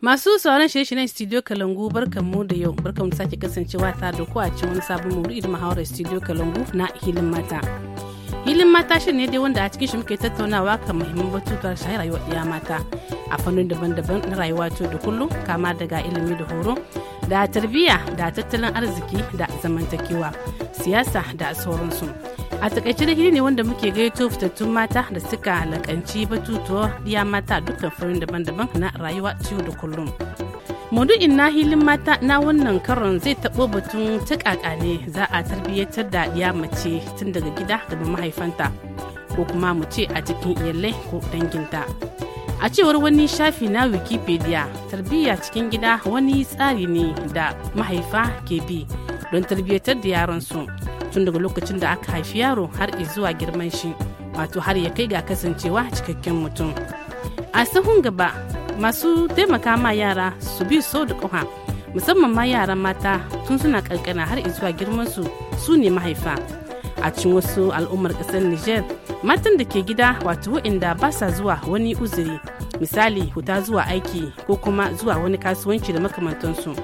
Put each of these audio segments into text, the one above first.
Masu sauran shirye-shiryen Studio Kalangu mu da yau barkanmu sake kasancewa ta da ku a cikin wani sabon maudu'i da muhawarar Studio Kalangu na hilin mata. Hilin mata shi ne dai wanda a cikin shi muke tattaunawa kan muhimman batutuwar shahararwa rayuwar mata a fannin daban-daban na rayuwa to da kullum kama daga ilimi da horo da tarbiyya da tattalin arziki da zamantakewa siyasa da sauransu. a takaice da hili ne wanda muke gaito fitattun mata da suka alakanci batutuwa diya mata dukkan farin daban-daban na rayuwa ciwo da kullum maudu'in na hilin mata na wannan karon zai taɓo batun takaka ne za a tarbiyyatar da ya mace tun daga gida daga mahaifanta ko kuma mu ce a cikin iyalai ko danginta a cewar wani shafi na wikipedia tarbiyya cikin gida wani tsari ne da mahaifa ke bi don tarbiyyatar da su. tun daga lokacin da aka haifi yaro har zuwa girman shi wato har ya kai ga kasancewa cikakken mutum a sahun gaba masu taimaka ma yara su bi so da ƙoha musamman ma yaran mata tun suna kankana har zuwa girman su su ne mahaifa a cikin wasu al'ummar ƙasar niger matan da ke gida wato waɗanda ba sa zuwa wani uzuri misali huta zuwa aiki ko kuma zuwa wani kasuwanci da makamantansu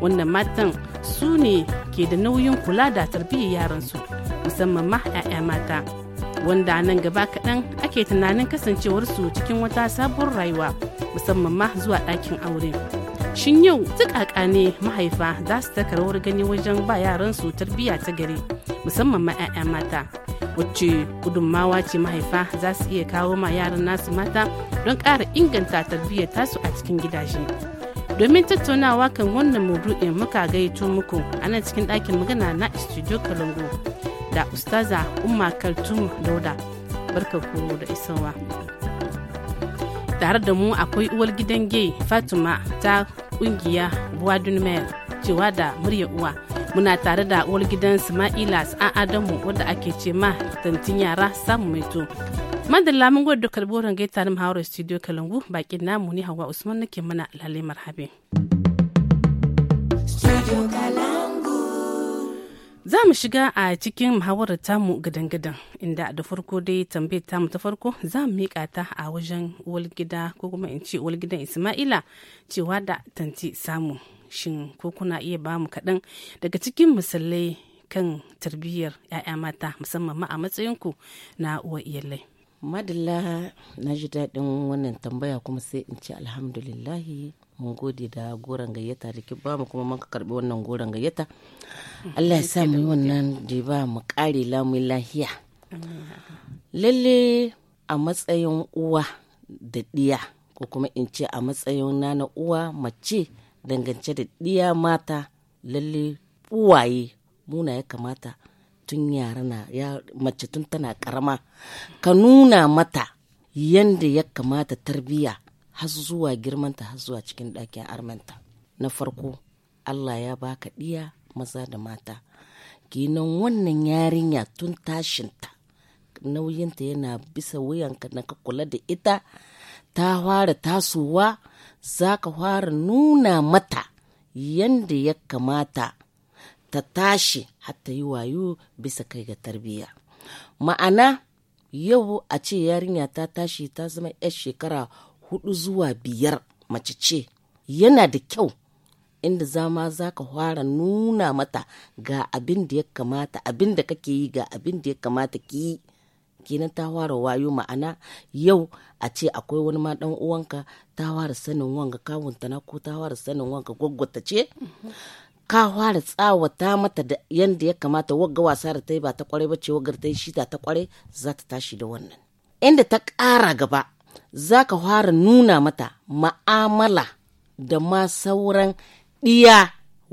wannan matan su ne ke da nauyin kula da tarbiyyar yaransu musamman ma 'ya'ya mata wanda nan gaba kaɗan ake tunanin kasancewarsu cikin wata sabuwar rayuwa musamman ma zuwa ɗakin aure shin yau tukaka ne mahaifa za su taka rawar gani wajen ba yaransu tarbiyya ta gari musamman ma 'ya'ya mata wacce gudunmawa ce mahaifa za su iya kawo ma yaran nasu mata don ƙara inganta tarbiyyar tasu a cikin gidaje. domin tattaunawa kan wannan maudu'in muka gaito muku a nan cikin ɗakin magana na studio kalango da ustaza umma kaltum dauda barka ku da isowa tare da mu akwai uwar gidan gay fatima ta kungiya buwadun mayor cewa da murya uwa muna tare da uwar gidan sama'ila a adamu wadda ake ce ma tantin yara samu maito madalla mun gwada dukkan buran gaita na muhawarar studio kalangu bakin namu ni hawa usman nake mana lalle marhabi za mu shiga a cikin muhawarar tamu gadan-gadan inda da farko dai tambayar tamu ta farko za mu miƙa ta a wajen walgida gida ko kuma in ce uwar gidan ismaila cewa da tanti samu shin ko kuna iya ba mu kaɗan daga cikin misalai kan tarbiyyar 'ya'ya mata musamman ma a matsayinku na uwa iyalai madalla na ji daɗin wannan tambaya kuma sai in ce alhamdulillahi mun gode da goron gayyata da ki bamu kuma mun karbi wannan goron gayyata mm-hmm. Allah ya sa mu yi wannan da ba mu kare lamu lahiya lalle a matsayin uwa da ɗiya ko kuma in ce a matsayin na na uwa mace dangance da ɗiya mata lalle uwaye muna ya kamata tun yara na ya mace tun tana karama ka nuna mata yanda ya kamata tarbiya har zuwa girmanta har zuwa cikin ɗakin armanta na farko allah ya baka ɗiya maza da mata kenan wannan yarinya tun tashinta nauyinta yana bisa wuyanka na ka kula da ita ta fara tasowa za ka fara nuna mata yanda ya kamata ta tashi har yi wayo bisa kai ga tarbiyya ma'ana yau a ce yarinya ta tashi ta zama 'yar shekara hudu zuwa biyar mace ce yana da kyau inda zama za ka fara nuna mata ga abin da ya kamata abin da kake yi ga abin da ya kamata ki yi kenan ta fara wayo ma'ana yau a ce akwai wani ma dan uwanka ta fara sanin wanga kawunta na ko ta fara sanin wanga gwaggwata ce ka fara tsawata mata da yadda ya kamata wagga wasa da ta yi ba ta kwarai ba ce wagga ta yi shi ta kwarai za ta tashi da wannan inda ta kara gaba za ka fara nuna mata ma'amala da ma sauran ɗiya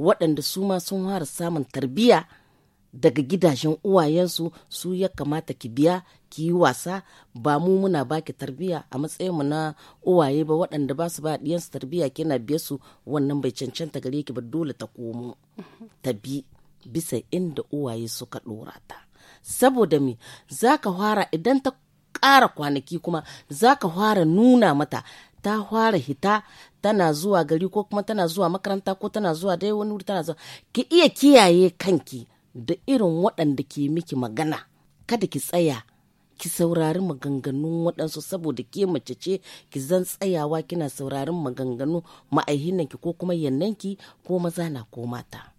waɗanda su ma sun fara samun tarbiyya daga gidajen uwayensu su ya kamata ki biya ki yi wasa ba mu muna baki tarbiya a matsayin mu na uwaye ba waɗanda ba su ba ɗiyansu tarbiya kina biye su wannan bai cancanta gare ki ba dole ta komo ta bi bisa inda uwaye suka ɗora ta saboda me za ka fara idan ta ƙara kwanaki kuma za ka fara nuna mata ta fara hita tana zuwa gari ko kuma tana zuwa makaranta ko tana zuwa dai wani wuri tana zuwa ki iya kiyaye kanki da irin waɗanda ke miki magana kada ki tsaya ki saurari maganganun waɗansu saboda ke mace ce ki zan tsayawa kina saurarin maganganu ma'aihinanki ko kuma yannanki ko maza na ko mata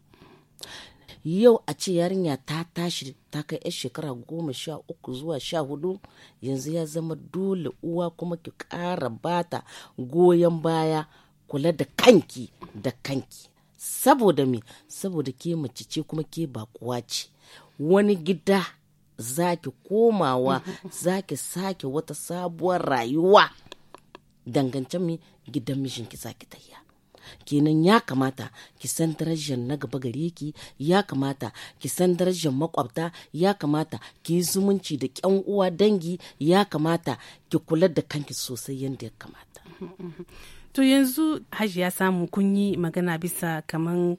yau a ce yarinya ta tashi ta kai yar shekara goma sha uku zuwa sha hudu yanzu ya zama dole uwa kuma ki ƙara bata goyon baya kula da kanki da kanki saboda me saboda ke mace ce kuma ke bakuwa ce wani gida zaki komawa zaki sake wata sabuwar rayuwa dangance mi gidan mishinki zaki tayya kenan ya kamata ki san darajar na gaba gare ki ya kamata ki san darajar makwabta ya kamata ki yi zumunci da kyan uwa dangi ya kamata ki kula da kanki sosai yadda ya kamata to yanzu ya samu kun yi magana bisa kaman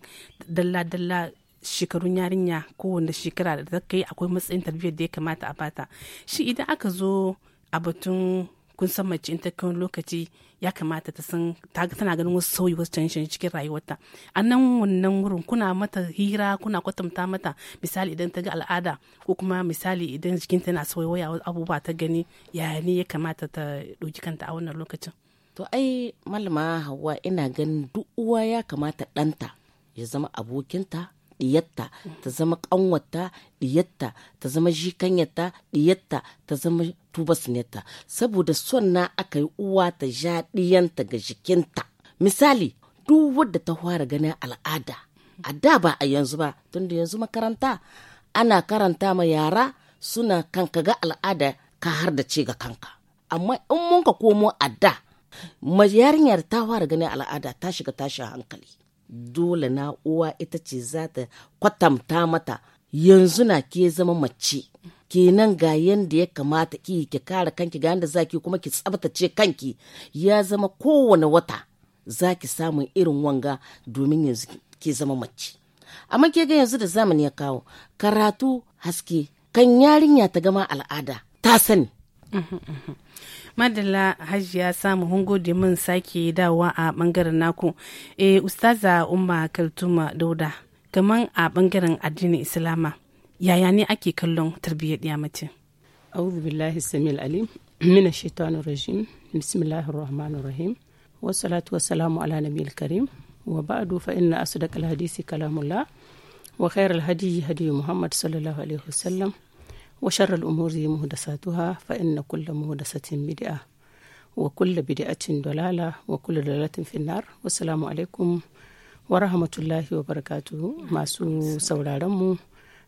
dalla-dalla shekarun yarinya kowanne shekara da ta yi akwai matsayin tarbiyyar da ya kamata a bata shi idan aka zo a batun kun san mace in ta kai lokaci ya kamata ta san tana ganin wasu sauyi wasu canjin cikin rayuwarta a nan wannan wurin kuna mata hira kuna kwatanta mata misali idan ta ga al'ada ko kuma misali idan jikinta yana waya abubuwa ta gani yaya ne ya kamata ta ɗauki kanta a wannan lokacin to ai malama hawa ina ganin duk uwa ya kamata ɗanta ya zama abokinta diyatta ta zama kanwata diyatta ta zama jikanyata diyatta ta zama tubasneta saboda son aka yi uwa ta ja diyanta ga jikinta misali duk wadda ta fara ganin al'ada a da ba a yanzu ba tunda yanzu makaranta ana karanta ma yara suna kanka ga al'ada ka har da ce ga kanka amma in mun ka komo a da yarinyar ta fara ganin al'ada ta shiga tashin hankali dole na uwa ita ce za ta kwatanta mata yanzu na ke zama mace kenan ga yadda ya kamata ki ki kare kanki ga za zaki kuma ki tsabtace kanki ya zama kowane wata za ki samun irin wanga domin yanzu ki zama mace amma ke ga yanzu da zamani ya kawo karatu haske kan yarinya ta gama al'ada ta sani madalla ya samu hungode mun sake dawa a bangaren naku e ustaza umma kaltuma dauda kaman a bangaren addinin islama yaya ne ake kallon tarbiyyar ɗiya mace a'udhu billahi samil Ali. min ash rajim bismillahir rahim wa salatu wa salamu ala karim wa fa inna asdaqal hadisi kalamulla. wa khairal hadiyi hadiyu muhammad sallallahu alaihi wasallam wa shar al'umur zai muhu na kula muhu da satin bidiya wa kula bidi'acin dalala wa kulla dalatin finnar wasalamu alaikum wa rahmatullahi wa barakatu masu sauraronmu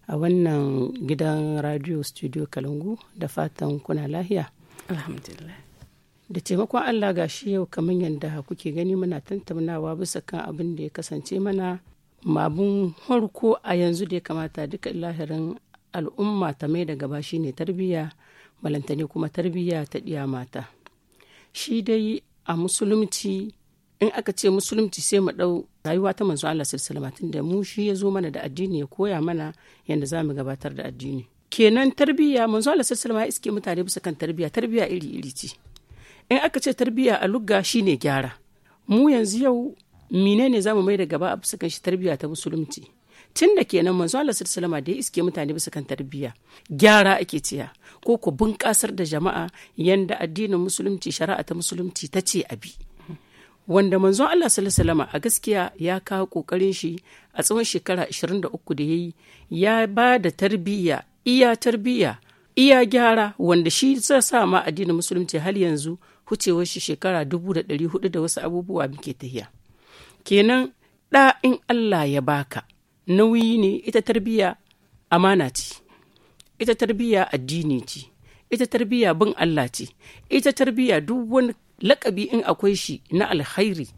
a wannan gidan radio studio Kalangu, da fatan kuna lahiya da taimakon Allah gashi shi yau kamar yadda kuke gani muna tantaunawa bisa kan abin da ya kasance mana mabun harko a yanzu da ya kamata duka lahirin al'umma ta mai da gaba shine tarbiyya balantane kuma tarbiyya ta ɗiya mata shi dai a musulunci in aka ce musulunci sai mu ɗau rayuwa ta manzo Allah sallallahu alaihi da mu shi ya zo mana da addini ya koya mana yadda za mu gabatar da addini kenan tarbiyya manzo Allah sallallahu alaihi ya iske mutane bisa kan tarbiyya tarbiyya iri iri ce in aka ce tarbiyya a lugga shine gyara mu yanzu yau menene mu mai da gaba a bisa kan shi tarbiyya ta musulunci tun da kenan manzo Allah sallallahu alaihi da ya iske mutane bisa kan tarbiyya gyara ake ciya ko ku bunƙasar da jama'a yanda addinin musulunci shari'a ta musulunci ta ce abi wanda manzo Allah sallallahu a gaskiya ya kawo kokarin shi a tsawon shekara 23 da yayi ya ba da tarbiyya iya tarbiyya iya gyara wanda shi zai sa ma addinin musulunci hal yanzu hucewar shi shekara dubu da da wasu abubuwa muke tahiya kenan ɗa in Allah ya baka nauyi ne ita tarbiyya amana ce ita tarbiyya addini ce ita tarbiyya bin Allah ce ita tarbiyya duk wani lakabi in akwai shi na alhairi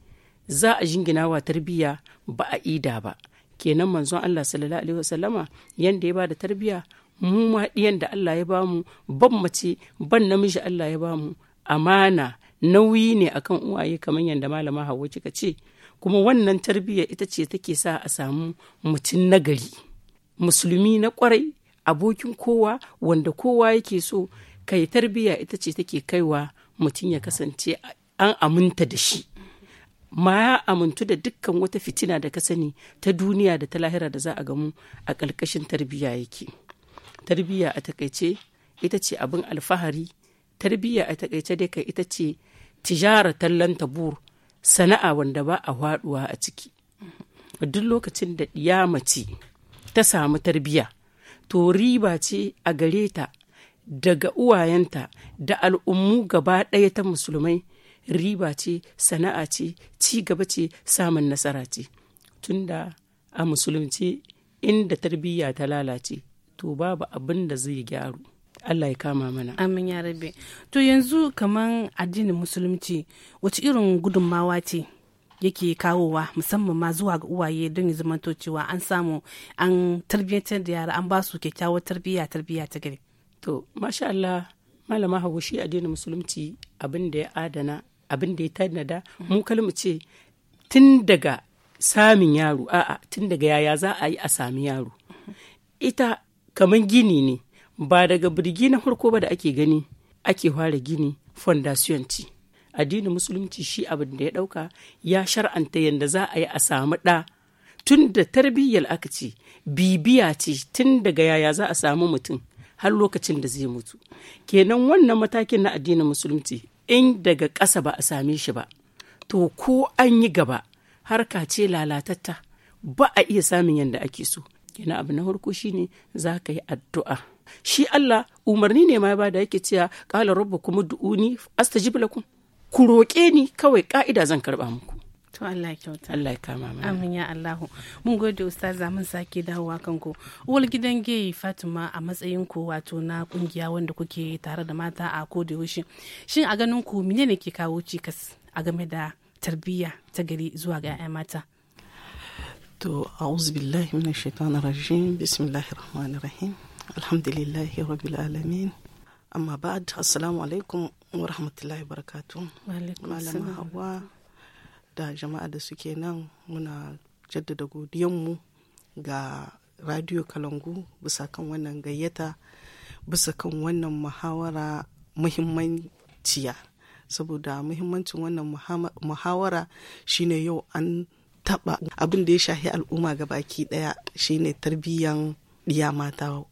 za a jingina wa tarbiyya ba a ida ba kenan manzon Allah sallallahu alaihi wasallama yanda ya ba da tarbiya mu ma da Allah ya bamu ban mace ban namiji Allah ya bamu amana nauyi ne akan uwaye kamar yadda malama Hauwa kika ce kuma wannan tarbiyya ita ce take sa a samu mutum nagari musulmi na kwarai abokin kowa wanda kowa yake so kai tarbiyya ita ce take kaiwa mutum ya kasance an aminta da shi ma ya amintu da dukkan wata fitina da ka sani ta duniya da ta lahira da za a gamu a ƙarƙashin tarbiyya yake tarbiyya a takaice ita ce abin alfahari tarbiyya a takaice dai kai ita ce tijara tallan tabur sana'a wanda ba a haɗuwa a ciki duk lokacin da ya mace ta samu tarbiya to riba ce a gare ta daga uwayenta da al'ummu gaba ɗaya ta musulmai riba ce sana'a ce ci gaba ce samun nasara ce tunda a musulunci inda tarbiyya ta lalace to babu abin da zai gyaru Allah ya kama mana amin ya rabe to yanzu kamar addinin musulunci wace irin gudunmawa ce yake kawowa musamman ma zuwa ga uwaye don ya zamanto cewa an samu an tarbiyyantar da yara an ba su kyakkyawar tarbiyya tarbiyya ta gari to masha Allah malama hagu shi addinin musulunci abin da ya adana abin da ya tanada mu kalmu ce tun daga samin yaro a'a tun daga yaya za a yi a sami yaro ita kamar gini ne ba daga birgi na farko ba da ake gani ake fara gini fondation ci addinin musulunci shi abin da ya dauka ya shar'anta yadda za a yi a samu ɗa tun da tarbiyyar aka ce bibiya ce tun daga yaya za a samu mutum har lokacin da zai mutu kenan wannan matakin na addinin musulunci in daga ƙasa ba a same shi ba to ko an yi gaba harka ce lalatatta ba a iya samun yadda ake so kenan abu na farko shine za ka yi addu'a shi Allah umarni ne ma ba da yake cewa qala kuma du'uni astajib lakum ku roƙe ni kawai ka'ida zan karba muku to Allah ya kyauta Allah ya kama mana amin ya Allahu mun gode ustaza mun sake dawowa kanku uwar gidan gay Fatima a matsayin ku wato na kungiya wanda kuke tare da mata a koda yaushe shin a ganin ku mene ne ke kawo cikas a game da tarbiyya ta gari zuwa ga 'ya'ya mata to a'udhu billahi minash shaitanir rajim bismillahir rahmanir rahim alhamdulillahi rabbil alamin amma ba'ad assalamu alaikum wa rahmatullahi barakatu malama hawa da jama'a da suke nan muna jaddada godiyanmu ga radio kalangu bisa kan wannan gayyata bisa kan wannan muhawara muhimmanciya saboda muhimmancin wannan muhawara shine yau an taba abin da ya shahi al'umma ga baki daya shine tarbiyyan ɗiya mata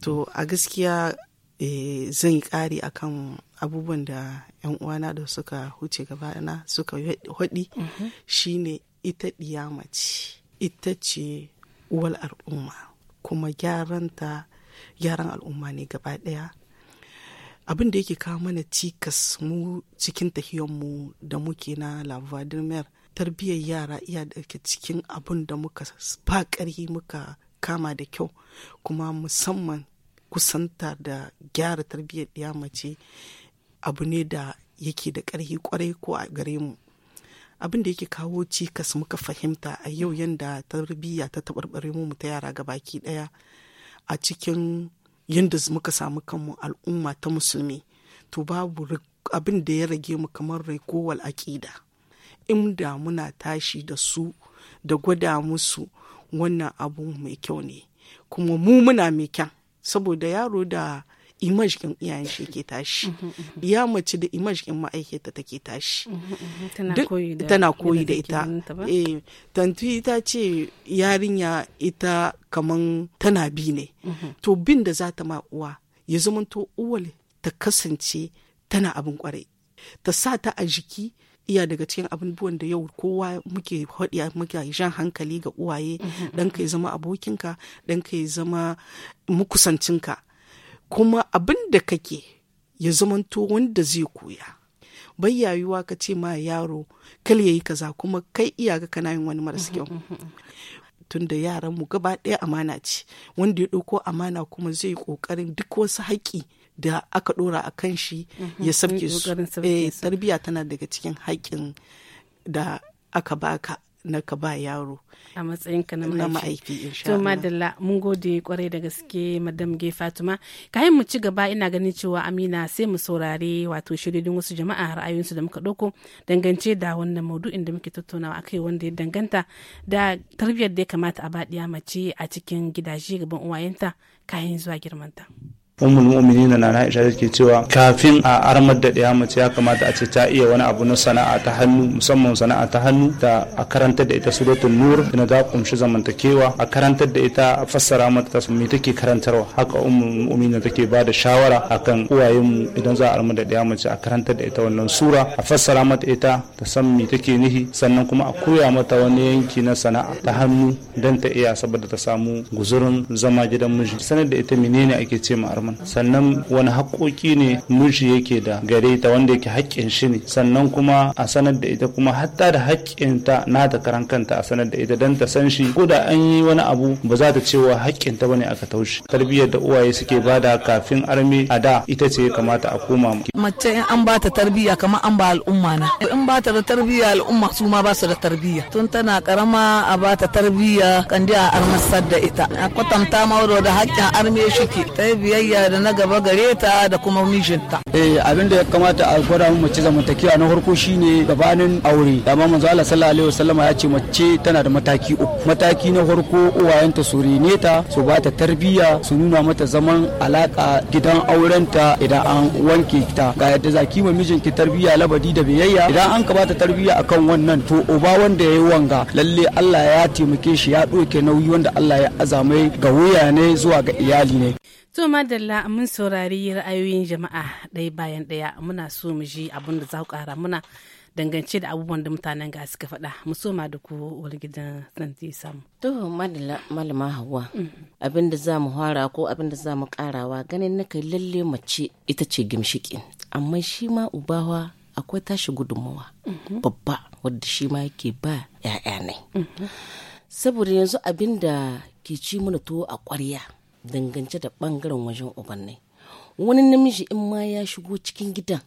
to a gaskiya eh, zan yi a akan abubuwan da 'yan uwana da suka huce gaba na suka haɗi mhm. shine ita ɗiya mace ita ce uwal al'umma kuma gyaranta gyaran al'umma ne gaba ɗaya abin da yake kawo mana cikas mu cikin mu da muke na lavadimir tarbiyyar yara iya daga cikin abin da muka ba muka kama da kyau kuma musamman kusanta da gyara tarbiyyar ɗiya mace abu ne da yake da ƙarfi kwarai ko a gare mu abin da yake kawo cikas muka fahimta a yau yanda tarbiyya ta taɓarɓare mu mu ta yara ga baki ɗaya a cikin yadda muka samu kanmu al'umma ta musulmi to babu abin da ya rage mu kamar raikowal aƙida inda muna tashi da su da gwada musu wannan abu mai kyau ne kuma mu muna mai kyan saboda yaro da image kin iyayen shi ke tashi uhm, uhm, uhm. ya mace da image kin ma'aikata take tashi tana koyi da ita eh tantu ta ce yarinya ita kaman tana bi ne to bin da za ta ma uwa ya zamanto uwal ta kasance tana abin kwarai ta sa ta a jiki iya daga cikin abubuwan da yau kowa muke haɗi muke jan hankali ga uwaye mhm, dan mhm. ka zama abokinka dan ka zama mukusancinka kuma abin da kake ya zamanto wanda zai koya bai yayuwa ka ce ma yaro kal yayi kaza kuma kai iyaga kana yin wani maras mhm, kyau tunda yaran mu gaba ɗaya amana ce wanda ya ɗauko amana kuma zai ƙoƙarin duk wasu haƙƙi da aka dora a kan shi mhm. ya sauke su eh, tarbiya tana daga cikin haƙƙin da aka baka na ka ba yaro a matsayinka na ma'aiki to madalla mun gode kwarai da gaske madam ge fatima kayan mu ci gaba ina ganin cewa amina sai mu saurare wato shirin wasu jama'a ra'ayoyinsu da muka ɗauko dangance da wannan maudu'in da muke tattaunawa akai wanda ya danganta da tarbiyyar da ya kamata a ba mace a cikin gidaje gaban uwayenta kayan zuwa girmanta. ummul mu'minina na na ake cewa kafin a armar da ɗaya mace ya kamata a ce ta iya wani abu na sana'a ta hannu musamman sana'a ta hannu da a karantar da ita suratul nur da ta kumshi zamantakewa a karantar da ita a fassara mata ta me take karantarwa haka ummul mu'minina take ba da shawara akan uwayen mu idan za a armar da ɗaya mace a karantar da ita wannan sura a fassara mata ita ta san me take nihi sannan kuma a koya mata wani yanki na sana'a ta hannu dan ta iya saboda ta samu guzurin zama gidan miji sanar da ita menene ake ce ma mana sannan wani haƙoƙi ne mushi yake da gare ta wanda yake haƙƙin shi ne sannan kuma a sanar da ita kuma hatta da haƙƙin ta na da karan kanta a sanar da ita dan ta san shi ko da an yi wani abu ba za ta cewa haƙƙin ta bane aka taushe tarbiyyar da uwaye suke bada kafin arme a da ita ce kamata a koma mace in an ba ta tarbiyya kamar an ba al'umma na in ba ta da tarbiyya al'umma su ma ba su da tarbiyya tun tana karama a ba tarbiyya kan a armasar da ita a kwatanta mawado da haƙƙin arme shi ke ta biyayya lafiya da na gaba gare ta da kuma mijinta. Eh abin da ya kamata a gwada mu mace zamantakewa na farko shine gabanin aure. Amma manzo Allah sallallahu alaihi wasallam ya ce mace tana da mataki uku. Mataki na farko uwayenta su rene ta su ba ta tarbiyya su nuna mata zaman alaka gidan aurenta idan an wanke ta. Ga yadda zaki mijin mijinki tarbiyya labadi da biyayya idan an ka bata tarbiyya akan wannan to uba wanda yayi wanga lalle Allah ya taimake shi ya ɗauke nauyi wanda Allah ya azamai ga wuya ne zuwa ga iyali ne. To madalla mun saurari ra'ayoyin jama'a ɗaya bayan ɗaya muna so mu ji abin da za ku ƙara muna dangance da abubuwan da mutanen ga suka faɗa soma da ku wani gidan santi samu. To malama hawa abin da za mu fara ko abin da za mu karawa ganin na kai lalle mace ita ce gimshiki amma shi ma ubawa akwai tashi gudunmawa babba wadda shi ma yake ba ya'ya ne. Saboda yanzu abin da ke ci mana tuwo a ƙwarya. dangance da bangaren wajen ubannai wani namiji in ma ya shigo cikin gidan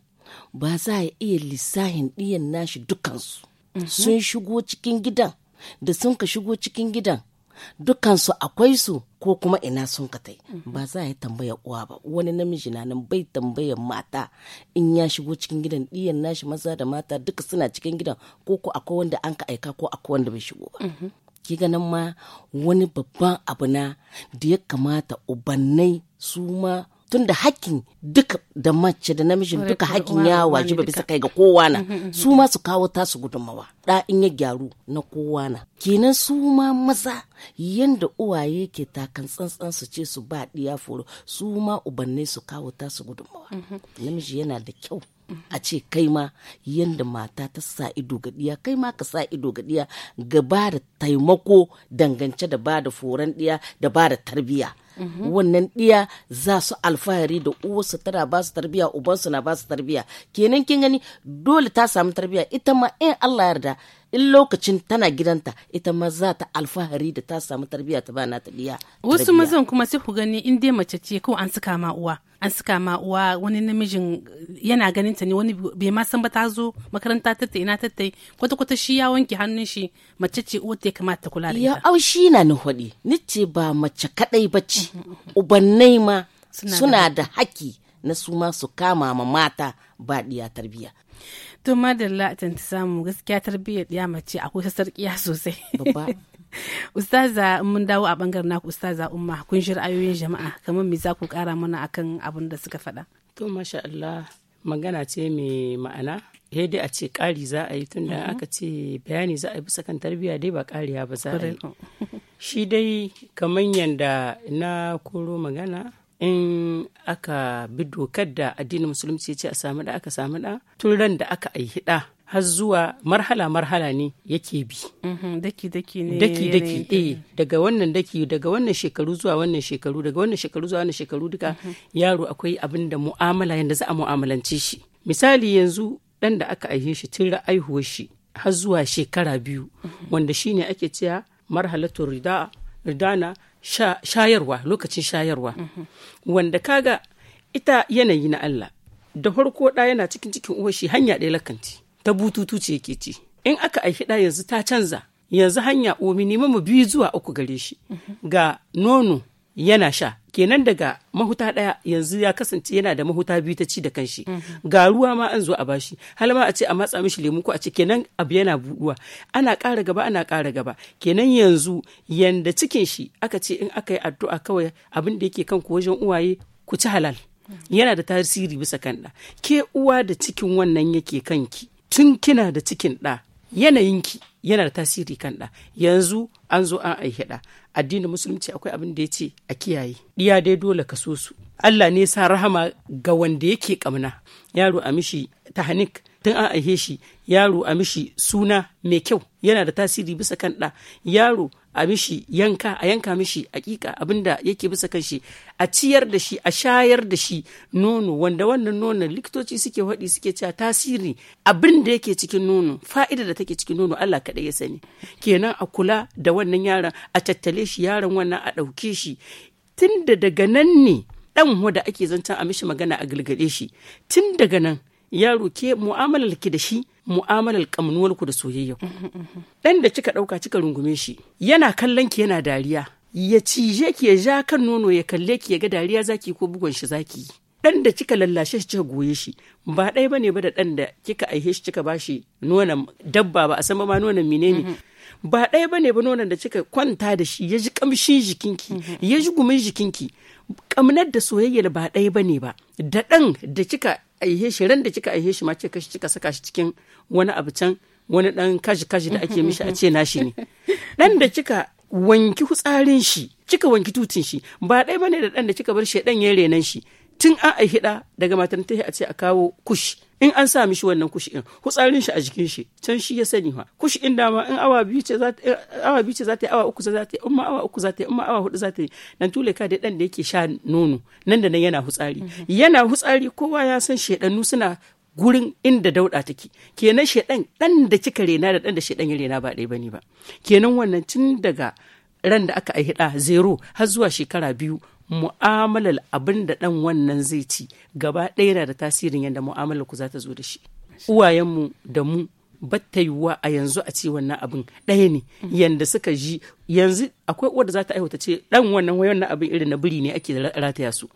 ba za a iya lissahin ɗiyan nashi dukansu mhm. sun shigo cikin gidan da sun ka shigo cikin gidan dukansu akwai su ko kuma ina sun ka tai mhm. ba za a yi tambaya uwa ba wani namiji na nan bai tambayar mata in ya shigo cikin gidan ɗiyan nashi maza da mata duka suna cikin gidan ko ko akwai wanda an ka aika ko akwai wanda bai shigo ba mhm. ki ganin ma wani babban abu na da ya kamata ubannai su ma tun da hakkin duka da mace da namijin duka hakkin ya wajiba bisa kai ga kowa na mm-hmm, mm-hmm. su ma su kawo tasu gudunmawa da in ya gyaru na kowa na kenan su ma maza yanda uwaye ke takan tsantsan su ce su ba diya foro su ma ubannai su kawo tasu gudunmawa mm-hmm. namiji yana da kyau a ce kai ma yadda mata ta sa ido ga ɗiya kai ma ka sa ido ga ɗiya ga ba da taimako dangance da ba da foran ɗiya da ba da tarbiyya mhm. wannan ɗiya za su alfahari da uwarsu tana ba su tarbiya ubansu na ba su tarbiya kenan kin gani dole ta samu tarbiya ita ma in Allah yarda in lokacin tana gidanta ita ma za ta alfahari da ta samu tarbiyya ta bana ta biya. wasu mazan kuma sai ku gani in dai mace ce ko an suka ma uwa an suka ma uwa wani namijin yana ganin ta ne wani bai ma san ba ta zo makaranta ta ta ina ta ta kwata kwata shi ya wanke hannun shi mace ce uwa ta kamata ta kula da ita ya aushi na ni hodi ni ce ba mace kadai bace ubannai ma suna da haki na su ma su kama ma mata ba diya tarbiyya da madalla ta samu gaskiya tarbiyya ya mace akwai ta sarkiya sosai ustaza mun dawo a bangaren naku ustaza umma kun shi ra'ayoyin jama'a kamar me za ku kara mana akan abin da suka faɗa to masha Allah magana ce mai ma'ana dai a ce ƙari za a yi tunda mm-hmm. aka ce bayani za a yi bisa kan tarbiyya dai ba ƙariya ba za a yi shi dai kamar yadda na koro magana in aka bi dokar da addinin musulunci ce a samu da aka samu da tun ran da aka aihi da har zuwa marhala marhala ne yake bi mhm, daki daki ne daki daki eh daga wannan daki daga wannan shekaru zuwa wannan shekaru daga wannan shekaru zuwa wannan shekaru duka mhm. yaro akwai abin da mu'amala yanda za a mu'amalance shi misali yanzu dan da aka aihe shi tun ra'aihuwar shi har zuwa shekara biyu mhm. wanda shine ake cewa marhalatu rida ridana shayarwa lokacin shayarwa wanda kaga ita yanayi na Allah da farko ɗa yana cikin cikin uwar shi hanya ɗaya lakanci ta bututu ce yake ci in aka aiki ɗa yanzu ta canza yanzu hanya omi neman mu biyu zuwa uku gare shi ga nono yana sha kenan daga mahuta ɗaya yanzu ya kasance yana da mahuta biyu ta ci da kanshi ga ruwa ma an zo a bashi hal ma a ce a matsa mishi lemu ko a ce kenan abu yana buɗuwa ana ƙara gaba ana ƙara gaba kenan yanzu yanda cikin shi aka ce in aka yi addu'a kawai abin da yake kan wajen uwaye ku ci halal yana da tasiri bisa kan ɗa ke uwa da cikin wannan yake kanki tun kina da cikin ɗa yanayinki yana da tasiri kan ɗa yanzu an zo an aiki ɗa addinin musulunci akwai abin da ya ce a kiyaye diya dai dole ka so su Allah ne sa rahama ga wanda yake kamna yaro a mishi ta hanik. tun an aihe shi yaro a mishi suna mai kyau yana da tasiri bisa kan ɗa yaro a mishi yanka a yanka mishi akika abinda yake bisa kan shi a ciyar da shi a shayar da shi nono wanda wannan nonon likitoci suke haɗi suke cewa tasiri abin da yake cikin nono fa'ida da take cikin nono Allah kaɗai ya sani kenan a kula da wannan yaron a tattale shi yaron wannan a ɗauke shi tun da daga nan ne ɗan da ake zancen a mishi magana a gilgade shi tun daga nan yaro ke mu'amalar ki da shi mu'amalar kamnuwar ku da soyayya dan da kika dauka kika rungume shi yana kallon ki yana dariya ya cije ki ya ja kan nono ya kalle ki ya ga dariya zaki ko bugon shi zaki dan da kika lallashe shi kika goye shi ba ɗaya bane ba da dan da kika aihe shi kika bashi nonon dabba ba a san ba ma nonon menene ba ɗaya bane ba nonon da kika kwanta da shi ya ji kamshin jikinki ya ji gumin jikinki kamnar da soyayyar ba ɗaya bane ba da ɗan da kika aihe shi ran da kika aihe shi ma ce kashi kika saka shi cikin wani abu can wani dan kashi kashi da ake mishi a ce nashi ne dan da kika wanki hutsarin shi kika wanki tutun shi ba dai bane da dan da kika bar shi dan ya renan shi tun an a hida daga maternity a ce a kawo kush in an sa mishi wannan kushi in hutsarin shi a jikin shi can shi ya sani fa kushi in dama in awa biyu ce za ta eh, awa biyu ce za ta awa uku za ta umma awa uku za ta umma awa hudu za ta nan tule ka da dan da yake sha nono nan da nan yana hutsari mhm. yana hutsari kowa ya san shedannu suna gurin inda dauda take kenan shedan dan da kika rena da dan da shedan ya rena ba ɗaya bane ba kenan wannan tun daga ran da aka aihida zero har zuwa shekara biyu mu'amalar abin da ɗan wannan zai ci gaba ɗaya na da tasirin yadda mu'amalar ku za ta zo da shi uwayenmu da mu batta yiwuwa a yanzu a ce wannan abin ɗaya ne yanda suka ji yanzu akwai uwar da za ta aiwata ce ɗan wannan wannan abin irin na biri ne ake rataya su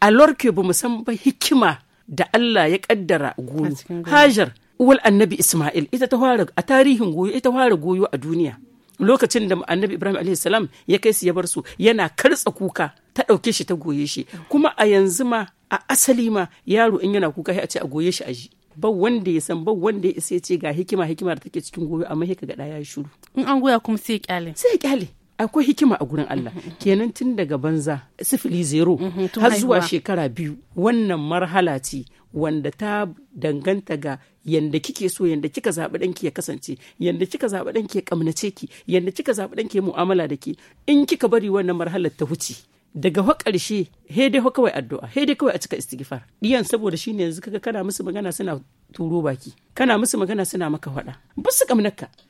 a lorke ba mu san ba hikima da Allah ya kaddara goyo hajar uwal annabi Ismail ita ta fara a tarihin goyo ita fara goyo a duniya lokacin da annabi ibrahim alaihi ya kai su ya bar su yana karsa kuka ta ɗauke shi ta goye shi kuma a yanzu ma a asali ma yaro in yana kuka ya a a goye shi a ji ba wanda ya san ba wanda ya isa ya ce ga hikima hikima da take cikin goyo amma hika gaɗa ya shuru in an goya kuma sai kyale sai kyale akwai hikima a gurin Allah mm-hmm. kenan tun daga banza sifili zero mm-hmm, har zuwa shekara biyu wannan marhala ce wanda ta danganta ga yanda kike so yanda kika zaɓi ɗanki ya kasance yanda kika zaɓi ɗanki ya ƙamnace ki yanda kika zaɓi ɗanki ya mu'amala da ke in kika bari wannan marhalar ta wuce daga wa ƙarshe he dai kawai addu'a he kawai a cika istighfar diyan saboda shine yanzu kaga kana musu magana suna turo baki kana musu magana suna maka faɗa ba su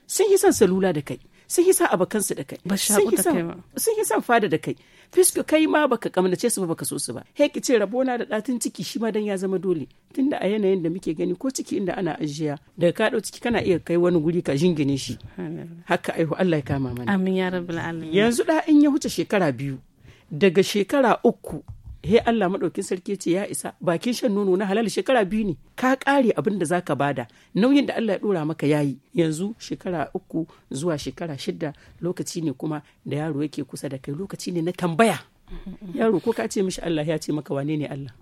sun yi son salula da kai sun yi sa abokansu da kai sun yi san fada da kai Fisku kai ma baka kamnace su ba baka so su ba heki ce rabona da ɗatin ciki shi ma dan ya zama dole tunda a yanayin da muke gani ko ciki inda ana ajiya daga ka ɗau ciki kana iya kai wani guri ka jingine shi haka aihu Allah ya kama mana amin ya yanzu da in ya wuce shekara biyu daga shekara uku he Allah maɗaukin sarki ce ya isa bakin shan nono na halal shekara biyu ne ka ƙare abin da zaka bada nauyin da Allah ya ɗora maka yayi yanzu shekara uku zuwa shekara shida lokaci ne kuma da yaro yake kusa da kai lokaci ne na tambaya yaro ko ka ce mishi Allah ya ce maka wane ne Allah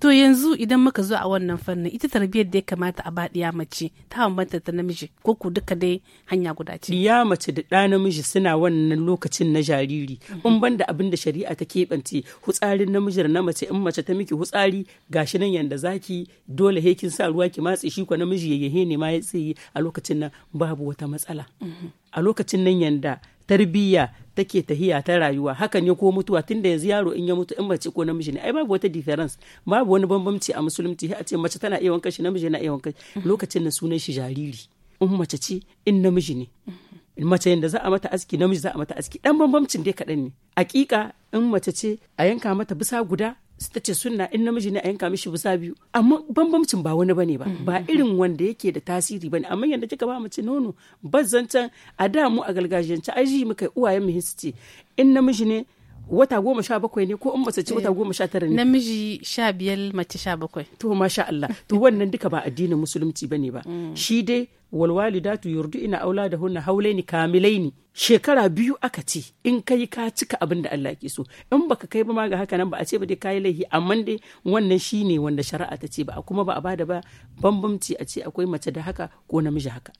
to yanzu idan muka zo a wannan fannin ita tarbiyyar da ya kamata a ya mace ta bambanta ta namiji ko ku duka dai hanya guda ce ya mace da ɗa namiji suna wannan lokacin na jariri in ban da abin da shari'a ta keɓance hutsarin namiji na mace in mace ta miki hutsari gashi nan yanda zaki dole he kin sa ruwa ki matse shi ko namiji ya yi ne ma ya tsaye a lokacin nan babu wata matsala mhm. a lokacin nan yanda tarbiyya take tahiya ta rayuwa haka ne ko mutuwa tunda yanzu yaro in ya mutu in mace ko namiji ne ai babu wata difference babu wani bambamci a musulunci a ce mace tana iya wanka shi namiji na iya wanka mm-hmm. lokacin da sunan shi jariri in mace ce in namiji ne mm-hmm. mace yadda za a mata aski namiji za a mata aski dan bambamcin dai kadan ne hakika in mace ce a yanka mata bisa guda ta ce suna in namiji ne a yanka mishi busa biyu amma bambamcin ba wani bane ba mm. ba irin wanda yake da tasiri bane amma yanda kika ba mace nono bazzancan a da mu a gargajiyance ji muka uwayen mu ce in namiji ne wata goma sha bakwai ne ko in mace ce wata eh, goma sha tara ne namiji sha biyar mace sha bakwai to masha Allah to wannan duka ba addinin musulunci bane ba mm. shi dai walwalidatu yurdi'ina auladahunna haulaini kamilaini shekara biyu aka ce in kai ka cika abin da Allah ke so in baka kai ba ma ga haka nan ba a ce ba dai kai laihi amma dai wannan shine wanda shari'a ta ce ba kuma ba a bada ba bambamci a ce akwai mace da haka ko namiji haka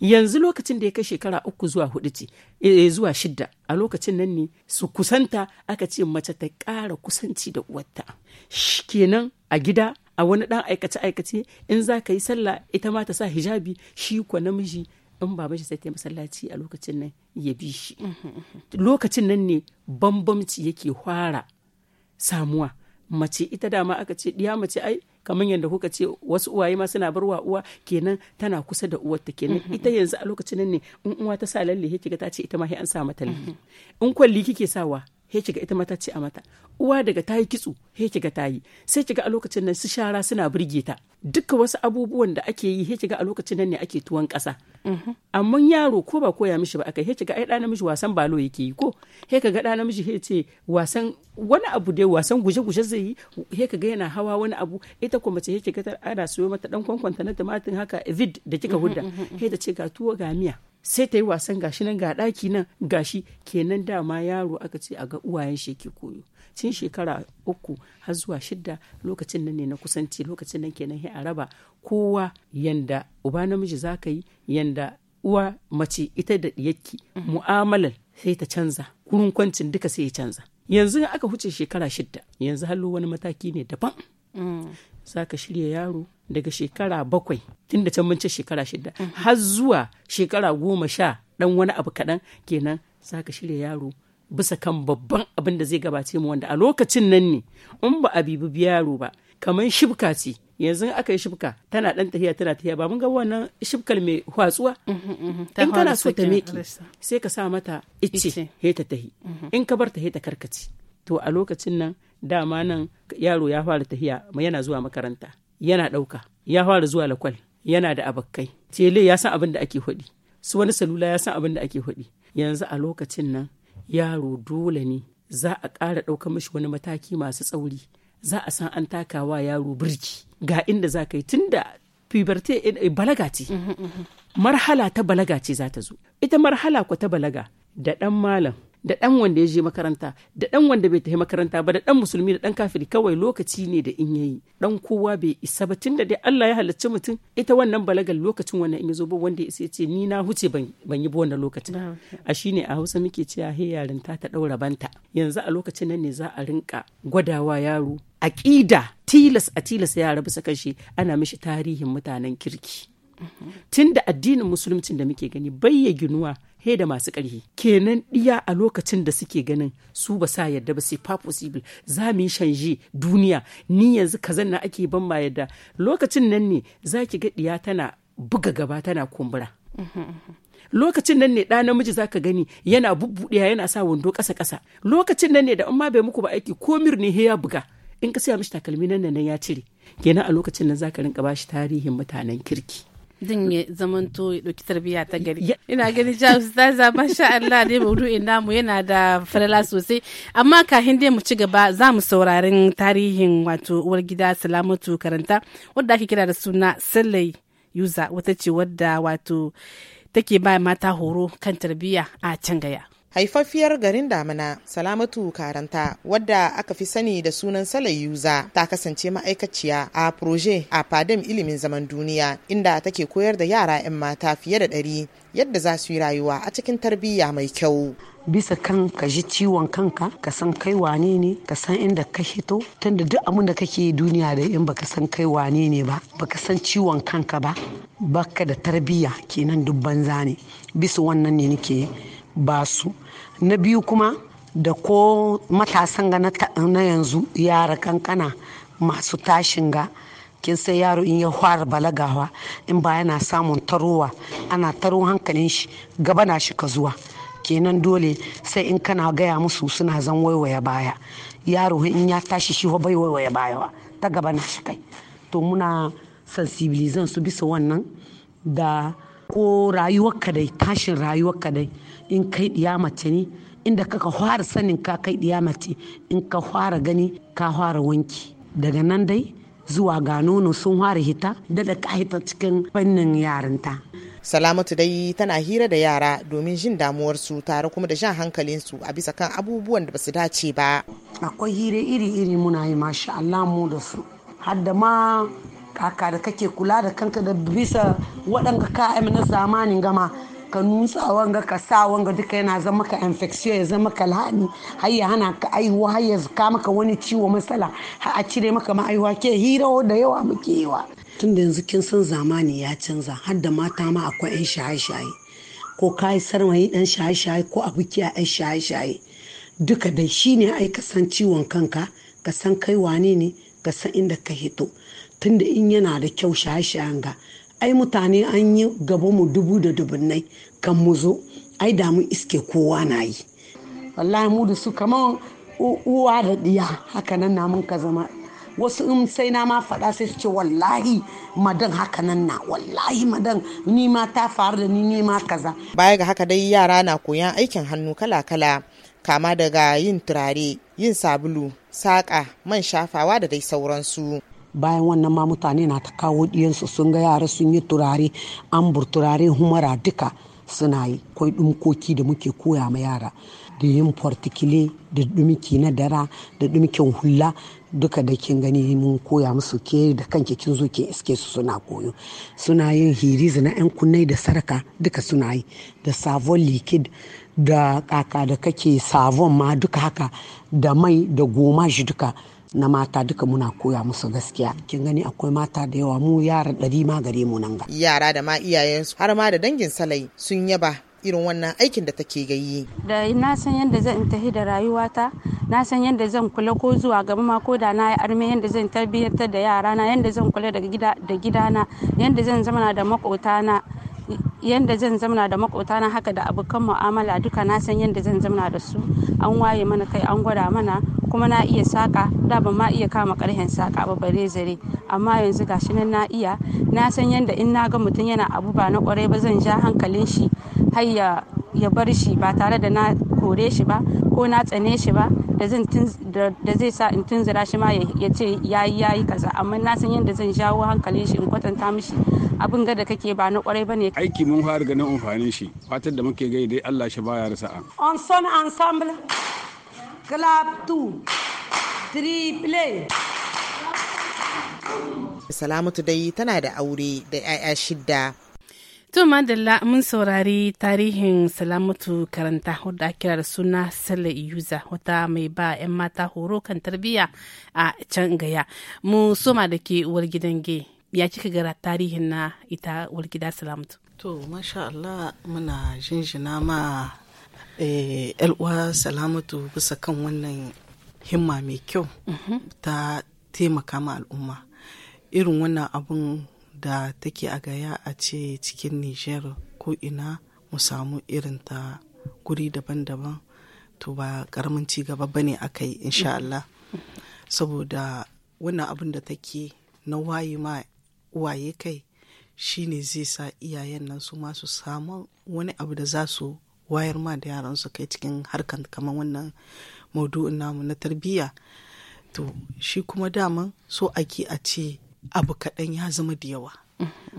yanzu lokacin da ya kai shekara uku zuwa hudu ce eh, zuwa shidda a lokacin nan ne su kusanta aka ce mace ta ƙara kusanci da uwarta kenan a gida a wani dan aikace aikace in za ka yi sallah ita ma ta sa hijabi shi ko namiji in ba shi sai ta masallaci a lokacin nan ya bi shi lokacin nan ne bambamci yake fara samuwa mace ita dama aka ce diya mace ai kamar yadda kuka ce wasu uwaye ma suna barwa uwa kenan tana kusa da uwarta kenan ita yanzu a lokacin nan ne in uwa ta sa lalle kiga ta ce ita ma sai an sa mata lalle in kwalli kike sawa he kiga ita mata ce a mata uwa daga tayi kitso he kiga tayi sai kiga a lokacin nan su shara suna burge ta duka wasu abubuwan da ake yi he kiga a lokacin nan ne ake tuwon kasa mhm. amma yaro ko ba koya mishi ba akai he kiga ai dana mishi wasan balo yake yi ko he kaga dana mishi he ce wasan wani abu dai wasan guje-guje zai yi he kaga yana hawa wani abu ita ko mace he kiga ta ana soyo mata dan kwankwanta na tumatir haka vid da kika mhm, hudda mhm, he ta ce ga tuwo ga miya sai ta yi wasan gashi nan ga ɗaki nan gashi kenan dama yaro aka ce a ga uwayen shi ke koyo cin shekara uku har zuwa shidda lokacin nan ne na kusanci lokacin nan kenan a raba kowa yanda uba namiji za ka yi yanda uwa mace ita da ɗiyakki mhm. mu'amalar sai ta canza wurin kwancin duka sai ya canza yanzu aka huce shekara shidda yanzu hallo wani mataki ne daban mm. za ka shirya yaro daga shekara bakwai tun da can mun shekara shida har zuwa shekara goma sha dan wani abu kaɗan kenan za ka shirya yaro bisa kan babban abin da zai gabace mu wanda a lokacin nan ne in ba a bibi yaro ba kamar shibka ce yanzu aka yi shibka tana dan tahiya tana tahiya ba mun ga wannan shibkar mai hwatsuwa in kana so ta meki sai ka sa mata icce he ta tahi in ka bar ta he ta karkace to a lokacin nan dama nan yaro ya fara tahiya yana zuwa makaranta yana ɗauka ya fara zuwa lakwal yana da abakkai tele ya san abin da ake hudi su wani salula ya san abin da ake hudi yanzu a lokacin nan yaro dole ne za a ƙara ɗauka mishi wani mataki masu tsauri za a san an takawa yaro birki ga inda za ka yi tunda puberty eh, eh, balaga ce mm-hmm, mm-hmm. marhala ta balaga ce za ta zo ita marhala ko ta balaga da ɗan malam da dan wanda ya je makaranta da dan wanda bai tafi makaranta ba da dan musulmi da dan kafiri kawai lokaci ne da in yayi dan kowa bai isa ba tunda dai Allah ya halarci mutum ita wannan balagar lokacin wannan in yazo ba wanda ya ce ni na huce ban yi ba wannan lokacin a shine a Hausa muke cewa he yarinta ta ɗaura banta yanzu a lokacin nan ne za a rinka gwadawa yaro aƙida tilas a tilas yara bisa kan ana mishi tarihin mutanen kirki Tun da addinin musuluncin da muke gani bayya ginuwa he da masu ƙarfi kenan ɗiya a lokacin da suke ganin su ba sa yadda ba sai fa possible za mu yi shanje duniya ni yanzu kazan na ake ban ma yadda lokacin nan ne za ki ga ɗiya tana buga gaba tana kumbura lokacin nan ne ɗa namiji zaka gani yana bubbuɗewa yana sa wando ƙasa ƙasa lokacin nan ne da amma bai muku ba aiki komir ne he ya buga in ka siya mishi takalmi nan nan ya cire kenan a lokacin nan zaka rinka bashi tarihin mutanen kirki din ya zamanto ya ɗauki tarbiyya ta gari ina gani ja ustaza masha Allah dai maudu'in namu yana da farala sosai amma kafin dai mu ci gaba za mu saurarin tarihin wato uwar gida salamatu karanta wadda ake kira da suna sallai yuza wata ce wadda wato take ba mata horo kan tarbiyya a can gaya haifaffiyar garin damina salamatu karanta wadda aka fi sani da sunan yuza ta kasance ma'aikaciya a proje a fadin ilimin zaman duniya inda take koyar da yara 'yan mata fiye da ɗari yadda za su yi rayuwa a cikin tarbiyya mai kyau bisa kan ka ji ciwon kanka ka san kai wane ne ka san inda ka hito tunda duk abin da kake duniya da in baka san kai wane ne ba baka san ciwon kanka ba baka da tarbiyya kenan duk banza ne bisa wannan ne nake ba su na biyu kuma da ko matasan ga na yanzu yara kankana masu tashin ga kin sai yaro in ya fara balagawa in ba yana samun tarowa ana taro hankalin shi gaba na shi ka zuwa kenan dole sai in kana gaya musu suna zan waiwaya baya yaro in ya tashi shi bai waiwaya baya ta gaba na shi kai to muna sensibilizan su bisa wannan da ko rayuwarka dai tashin rayuwarka dai in kai ɗiya mace ne inda kaka fara sanin ka kai ɗiya in ka fara gani ka fara wanki daga nan dai zuwa ga nono sun fara hita da da ka hita cikin fannin yarinta Salamatu dai tana hira da yara domin jin damuwarsu tare kuma da jan hankalinsu a bisa kan abubuwan da basu dace ba. Akwai hira iri-iri muna yi masha Allah mu da su. Hadda ma kaka da kake kula da kanka da bisa waɗanda ka na zamanin gama ka nutsa wanga ka sa wanga duka yana zama ka infection ya zama ka lahani har ya hana ka aihuwa har ya zuka maka wani ciwo matsala har a cire maka ma'aihuwa ke hira da yawa muke wa tun da yanzu kin san zamani ya canza har da mata ma akwai 'yan shaye-shaye ko ka yi sarmayi dan shaye-shaye ko abuki a 'yan shaye-shaye duka shi ne ai ka san ciwon kanka ka san kai wane ne ka san inda ka hito tunda in yana da kyau shaye-shayen ga ai mutane an yi mu dubu da dubunnai kan mu zo ai da mu iske kowa na yi wallahi mu da su kamar uwa da diya haka nan na mun ka zama wasu in sai na ma faɗa sai su ce wallahi madan haka nan na wallahi madan ni ma ta faru da ni ni ma kaza baya ga haka dai yara na koyan aikin hannu kala-kala kama daga yin turare yin sabulu saƙa man shafawa da dai sauransu bayan wannan ma mutane na ta kawo ɗiyansu sun ga yara sun yi turare ambur turare humara duka suna yi kwai ɗumkoki da muke koya ma yara da yin portikile da ɗumki na dara da ɗumkin hula duka da kin gani mun koya musu ke da kan kin zo ke iske su suna koyo suna yin hirizi na 'yan kunnai da saraka duka suna yi da savon likid da kaka da kake savon ma duka haka da mai da goma shi duka na mata duka muna koya musu gaskiya kin gani akwai mata da yawa mu yara ɗari ma gare mu nan ga yara da ma iyayensu har ma da dangin salai sun yaba irin wannan aikin da take gayi da na san yadda zan tafi da rayuwata na san yadda zan kula ko zuwa gaba ma ko da na yi arme yadda zan tarbiyyar da yarana yadda zan kula da gida da gidana yadda zan zama da makotana yadda zan zamana da makotana haka da abokan mu'amala duka na san yadda zan zamana da su an waye mana kai an gwada mana kuma na iya saƙa da ban ma iya kama karhen saƙa ba bare zare amma yanzu gashi nan na iya na san yadda in na ga mutum yana abu ba na ƙwarai ba zan ja hankalin shi har ya bar shi ba tare da na kore shi ba ko na tsane shi ba da zai sa in tunzura shi ma ya ce yayi yayi kaza amma na san yadda zan jawo hankalin shi in kwatanta mishi abin gada da kake ba na kwarai bane aiki mun fara ganin amfanin shi fatar da muke gai dai Allah shi baya rasa'a on son ensemble clap two triple salamatu dai tana da aure da 'ya'ya shidda To madalla mun saurari tarihin salamatu karanta wadda kira da suna Sale Yuza wata mai ba 'yan mata horo kan tarbiyya a can gaya. Mu soma da ke uwar gidan ge ya kika gara tarihin na ita uwar gida salamatu. To masha Allah muna jinjina ma Eh, uwa salamatu bisa kan wannan himma mai kyau mhm. ta taimaka ma al'umma irin wannan abun da take a gaya a ce cikin niger ko ina mu samu irin ta guri daban-daban to ba karamin ci gaba bane aka yi insha mhm. Allah mhm. saboda wannan abun da take na waye ma uwaye kai shine zai sa iyayen nan su masu samu wani abu da za su wayar ma da yaran su kai cikin harkan kamar wannan maudu'in namu na tarbiyya to shi kuma daman so ake a ce abu kaɗan ya zama da yawa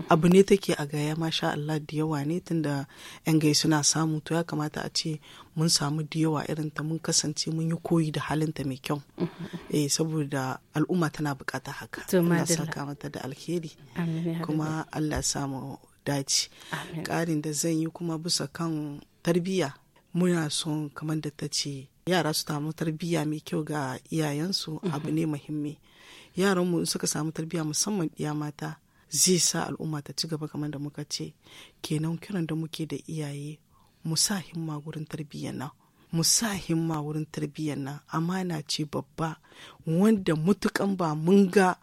abu ne take a gaya masha Allah da yawa ne tunda yan gai suna samu to ya kamata a ce mun samu da yawa irin ta mun kasance mun yi koyi da halinta mai kyau eh saboda al'umma tana bukata haka Allah saka mata da alheri kuma Allah samu dace ƙarin da zan yi kuma bisa kan tarbiyya muna son kamar da ta ce yara su samu tarbiyya mai kyau ga iyayensu mhm. abu ne muhimmi yaranmu suka samu tarbiyya musamman iya mata zai sa al'umma ta ci gaba kamar da muka ce kenan kiran da muke da iyaye mu sa himma wurin tarbiyyar nan mu sa himma wurin tarbiyyar nan amana ce babba wanda mutukan ba mun ga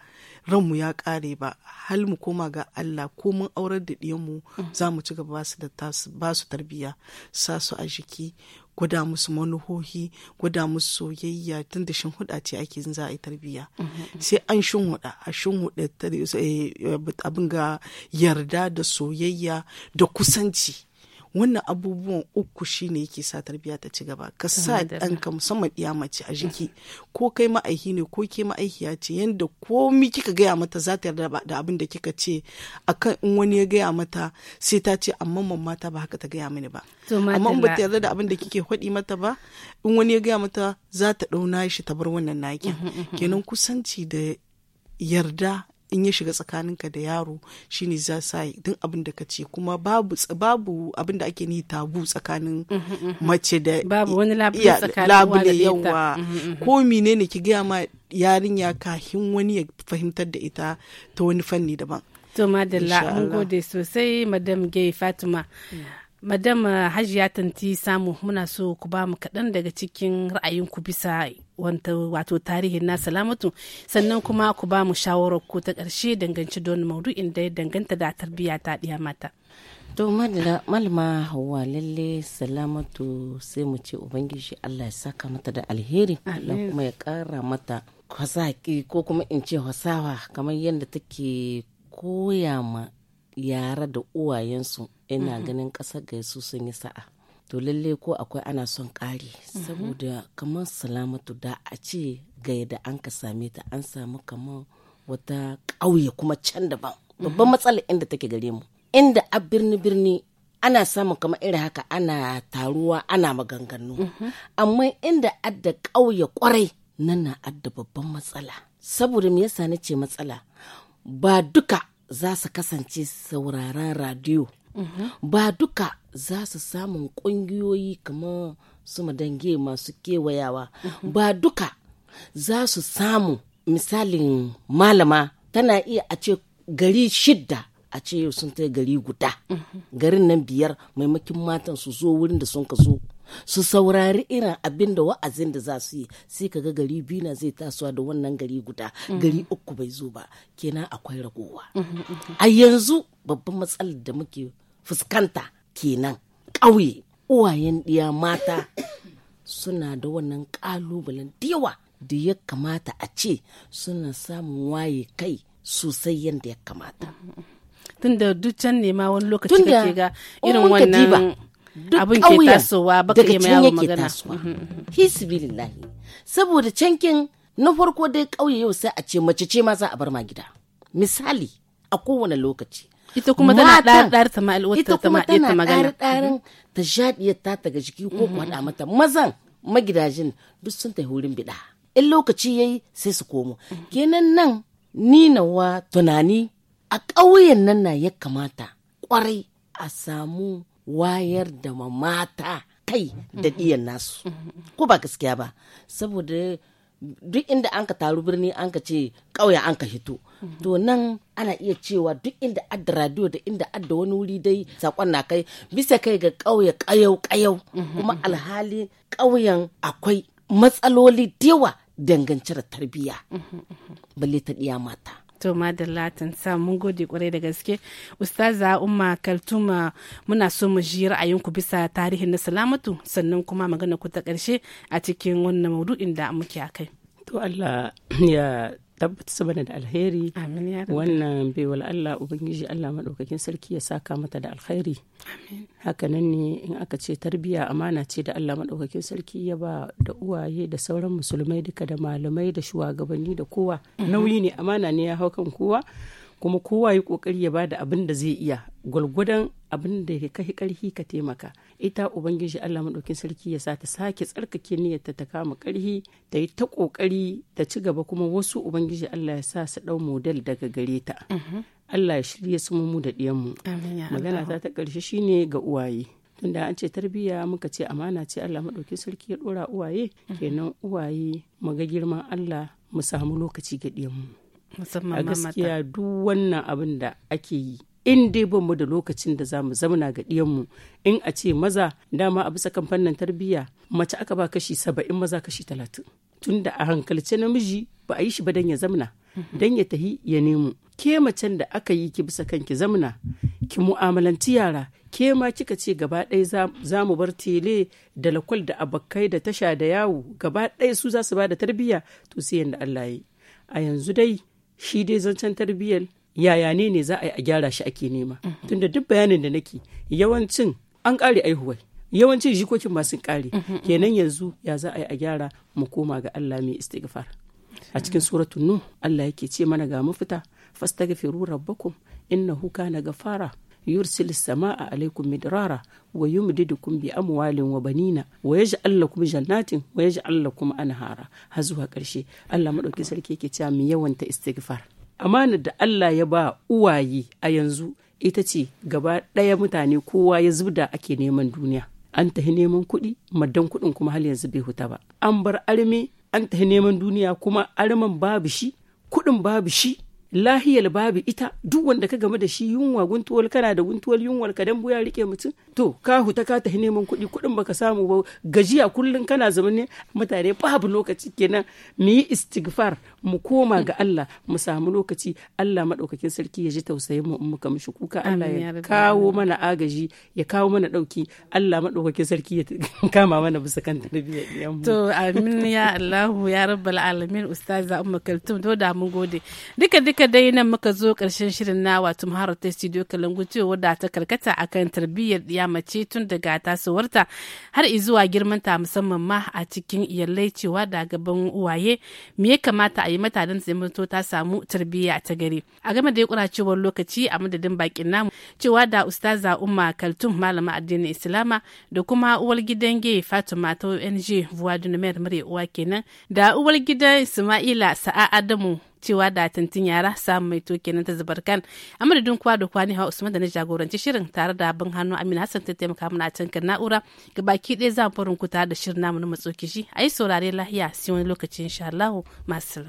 ranmu ya ƙare ba hal mu koma ga Allah ko mun aurar da ɗiyanmu za mu ci gaba ba su tarbiyya sa su a jiki gwada musu manuhohi gwada musu soyayya tun da shin huda ce ake za a yi tarbiyya sai an shin huda a shin huda eh, abin ga yarda da soyayya da kusanci wannan abubuwan uku shine yake sa tarbiyya ta ci gaba ka sa ɗanka musamman iya mace a jiki ko kai ma'aiki ne ko ke ma'aikiya ce Yadda komi kika gaya mata za ta yarda da abin da kika ce akan in wani ya gaya mata sai ta ce amma mamma ta ba haka ta gaya mini ba amma ba ta yarda da abin da kike faɗi mata ba in wani ya gaya mata za ta ɗauna shi ta bar wannan nakin kenan kusanci da yarda in ya shiga tsakaninka da yaro shine za sa duk abin da ka ce kuma babu babu abin da ake ni tabu tsakanin mhm, mhm. mace da babu wani labule yawa mhm, ko mine ne ki gaya ma yarinya kahin wani ya fahimtar da ita ta wani fanni daban to madalla an gode sosai madam gay fatima mm. madam eh, hajiya tanti samu muna so ku ba mu kaɗan daga cikin ra'ayinku bisa wato tarihin na salamatu sannan kuma ku ba mu shawarar ko ta ƙarshe danganci don maudu'in inda ya danganta da tarbiyya ta ɗiya mata to malama hawa lalle salamatu sai mu ce ubangiji allah ya saka mata da alheri allah kuma ya ƙara mata kwasaki ko kuma in ce hasawa kamar yadda take koya ma yara da uwayensu ina ganin kasar ga su sun yi sa'a to lalle ko akwai ana son kare saboda kamar salamatu da a ce ga da an ka same ta an samu kamar wata ƙauye kuma can daban babban matsala inda take gare mu inda a birni birni ana samun kama irin haka ana taruwa ana maganganu mm-hmm. amma inda adda ƙauye kwarai nan na adda babban matsala saboda me yasa na ce matsala ba duka za su kasance sauraren radio ba duka za su samun ƙungiyoyi kamar su madange masu kewayawa ba duka za su samu misalin malama tana iya a ce gari shidda a ce sun ta gari guda garin nan biyar maimakin matan su zo wurin da sun ka zo su saurari irin abin da wa'azin da za su yi sai ka ga gari biyu na zai tasowa da wannan gari guda gari uku bai zo ba kenan akwai ragowa a yanzu babban matsalar da muke fuskanta kenan ƙauye uwayen ɗiya mata suna da wannan ƙalubalen yawa da ya kamata a ce suna samun waye kai sosai yadda ya kamata. Tun da duk can ne wani lokaci ke ga irin wannan abin ke tasowa baka yi yawo magana mm-hmm, mm-hmm. hisbilillahi saboda cankin na farko dai ƙauye yau sai a ce mace ce ma za a bar ma gida misali a kowane lokaci ita kuma tana ɗar ta ita kuma tana ɗar ɗarin mm-hmm. ta shaɗiyar ta daga jiki ko kwaɗa mata mazan magidajin duk sun tafi hurin biɗa in lokaci yayi sai su komo kenan nan ni nawa tunani a ƙauyen nan na ya kamata kwarai a samu wayar da mata kai da ɗiyan nasu ko ba gaskiya ba saboda duk inda an ka taru birni an ka ce ƙauye an ka hito to nan ana iya cewa duk inda adda radio da inda adda wani wuri dai sakon na kai bisa kai ga ƙauye ƙayau ƙayau kuma alhali ƙauyen akwai matsaloli dewa dangance da tarbiyya balle ta ɗiya mata to madalla sa mun gode kwarai da gaske ustaza umma kaltuma muna so mu ji ra'ayinku bisa tarihin na salamatu sannan kuma magana ku ta karshe a cikin wannan maudu'in da muke akai to Allah ya tabbatar bane da alheri wannan baiwal Allah ubangiji Allah madaukakin sarki ya saka mata da alkhairi hakanan ne in aka ce tarbiya amana ce da Allah madaukakin sarki ya ba da uwaye da sauran musulmai duka da malamai da shugabanni da kowa mhm. nauyi ne amana ne ya hau kan kowa kuma kowa yi kokari ya ba da abin da zai iya gwalgwadon abin da ka kai karhi ka taimaka ita ubangiji Allah maɗaukin sarki ya sa ta sake tsarkake niyyar ta kama karhi ta yi ta ƙoƙari ta ci gaba kuma wasu ubangiji Allah ya sa su ɗau model daga gare ta mhm. Allah ya shirya su mu da mu magana ta ta karshe shine ga uwaye tunda an ce tarbiyya muka ce amana ce Allah maɗaukin sarki ya ɗora uwaye mhm. kenan uwaye mu ga girman Allah mu samu lokaci ga diyanmu a gaskiya duk wannan abin da ake yi in dai ban mu da lokacin da zamu zamana ga ɗiyanmu in a ce maza dama a bisa kan tarbiyya mace aka ba kashi saba'in maza kashi talatin tunda a hankalce namiji ba a yi shi ba dan ya zamna dan ya tahi ya nemo ke macen da aka yi ki bisa kanki zamna ki mu'amalanci yara ke ma kika ce gaba ɗaya za mu bar tele da lakwal da abokai da tasha da yawo gaba ɗaya su za su ba da tarbiyya to sai yanda Allah ya yi a yanzu dai shi dai zancen tarbiyyar yaya ne ne za a yi a gyara shi ake nema mhm. tunda duk bayanin da nake yawancin an ƙare aihuwai yawancin jikokin masu ƙare mhm, mhm, kenan yanzu ya za a yi a gyara mu koma ga Allah mai istighfar a cikin suratu nu Allah yake ce mana ga mafita fastaghfiru rabbakum innahu kana ghafara yursil sama'a alaikum midrara wa yumdidukum bi amwalin wa banina wa yaj'al lakum jannatin wa yaj'al lakum anhara har zuwa ƙarshe Allah madauki sarki yake cewa mu yawanta istighfar amana da Allah ya ba uwaye a yanzu ita ce gaba ɗaya mutane kowa ya zubda ake neman duniya an tahi neman kuɗi maddan kuɗin kuma hal yanzu bai huta ba an bar armi an tahi neman duniya kuma arman babu shi kuɗin babu shi lahiyar babu ita duk wanda ka game da shi yunwa guntuwar kana da guntuwar yunwar ka dan buya rike mutum to ka huta ka tafi neman kuɗi kuɗin baka samu ba gajiya kullum kana zama ne mutane babu lokaci kenan mu yi istighfar mu koma ga Allah mu samu lokaci Allah madaukakin sarki ya ji tausayin mu mu ka mishi kuka Allah ya kawo mana agaji ya kawo mana dauki Allah madaukakin sarki ya kama mana bisa kan to amin ya Allah ya rabbal alamin ustaza ummu kaltum to da mu gode duka duka dai nan muka zo karshen shirin na wato maharar ta studio kalangu cewa da ta karkata akan tarbiyyar ya mace tun daga tasowarta har izuwa girmanta musamman ma a cikin iyalai cewa da gaban uwaye me ya kamata a yi mata don zamanto ta samu tarbiyya ta gari a game da ya cewar lokaci a madadin bakin namu cewa da ustaza umma kaltum malama addinin islama da kuma uwar gidan gay fatima ta ong vuwa dunamer mare uwa kenan da uwar gidan ismaila sa'a adamu cewa da tintin yara samu mai toke nan ta zubar kan a madadin kwa da kwani hawa usman da na jagoranci shirin tare da abin hannu amina hassan ta taimaka mana a can na'ura ga baki ɗaya za mu farin ku tare da shirin namu na matsokishi a yi saurare lahiya sai wani lokaci insha Allah masu